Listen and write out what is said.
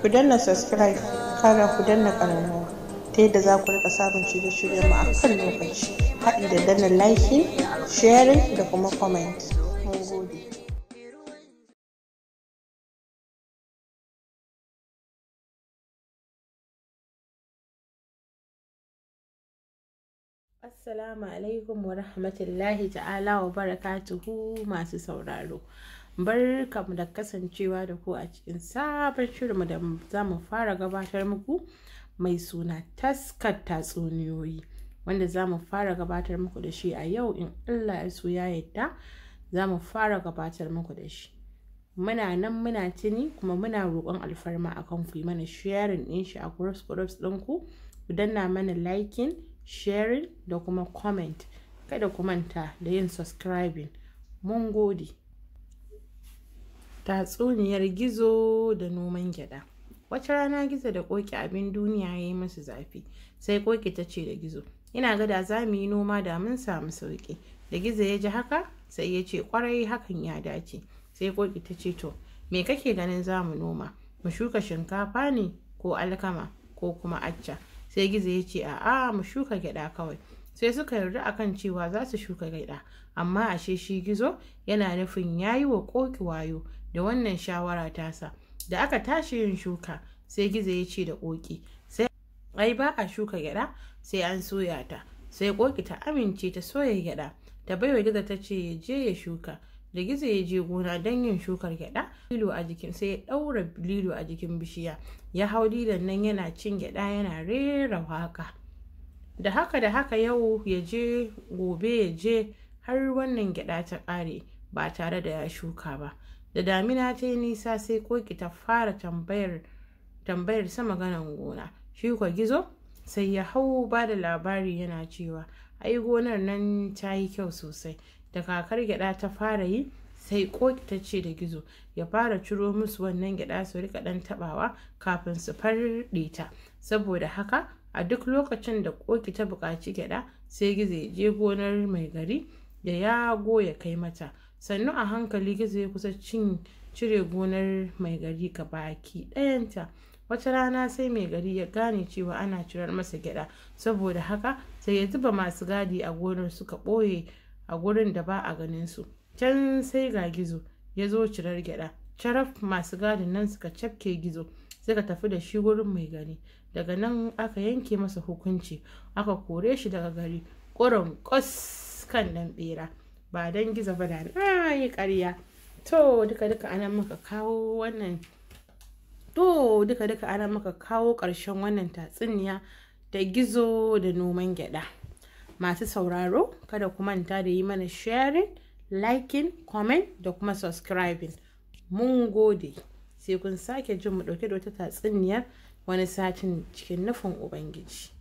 ku danna subscribe kara ku danna ƙararrawa ta yadda za ku rika samun shirye-shiryen mu a kan lokaci haɗi da danna like sharing da kuma comment Assalamu alaikum wa rahmatullahi ta'ala wa barakatuhu masu sauraro. barkamu da kasancewa da ku a cikin sabon shirinmu da za mu fara gabatar muku mai suna taskar tatsuniyoyi wanda za mu fara gabatar muku da shi a yau in allah ya so ya yadda za mu fara gabatar muku da shi muna nan muna tuni kuma muna roƙon alfarma akan ku yi mana sharing ɗin shi a groups groups ɗinku ku danna mana liking sharing da kuma comment kada ku manta da yin subscribing mun gode tatsuniyar gizo da noman gyada wata rana gizo da koki abin duniya ya yi musu zafi sai koki ta ce da gizo ina gada za mu yi noma da mun samu sauki da gizo ya ji haka sai ya ce kwarai hakan ya dace sai koki ta ce to me kake ganin za mu noma mu shuka shinkafa ne ko alkama ko kuma acca sai gizo ya ce a'a mu shuka gyada kawai sai suka yarda kan cewa za su shuka gyada amma ashe shi gizo yana nufin ya yi wa koki wayo da wannan shawara tasa da aka tashi yin shuka sai gizo ya ce da ƙoƙi sai ai ba a shuka gyaɗa sai an soya ta sai ƙoƙi ta amince ta soya gyaɗa ta baiwa gizo ta ce ya je ya shuka da gizo ya je gona don yin shukar gyaɗa lilo a jikin sai ya ɗaura lilo a jikin bishiya ya hau lilon nan yana cin gyaɗa yana rera waka da haka da haka yau ya je gobe ya je har wannan gyaɗa ta ƙare ba tare da ya shuka ba da damina ta yi nisa sai koki ta fara tambayar tambayar sa maganan gona shi kwa gizo sai ya hau ba da labari yana cewa ai gonar nan ta yi kyau sosai da kakar gyada ta fara yi sai koki ta ce da gizo ya fara ciro musu wannan gyada su rika dan tabawa kafin su farɗe ta saboda haka a duk lokacin da koki ta buƙaci gyada sai gizo ya je gonar mai gari da yago ya kai mata sannu a hankali gizo ya kusa cin cire gonar mai gari ka baki ɗayanta wata rana sai mai gari ya gane cewa ana cirar masa gyada saboda haka sai ya zuba masu gadi a gonar suka ɓoye a gurin da ba a ganin su can sai ga gizo ya zo cirar gyada caraf masu gadin nan suka cafke gizo suka tafi da shi wurin mai gari daga nan aka yanke masa hukunci aka kore shi daga gari ƙuran ƙos kan ɗan ɓera ba don gizo ba da na yi ƙarya to duka duka anan muka kawo wannan to duka duka ana maka kawo ƙarshen wannan tatsuniya da gizo da noman gyada masu sauraro kada ku manta da yi mana sharing liking comment da kuma subscribing mun gode sai kun sake jin mu ɗauke da wata tatsuniyar wani satin cikin nufin ubangiji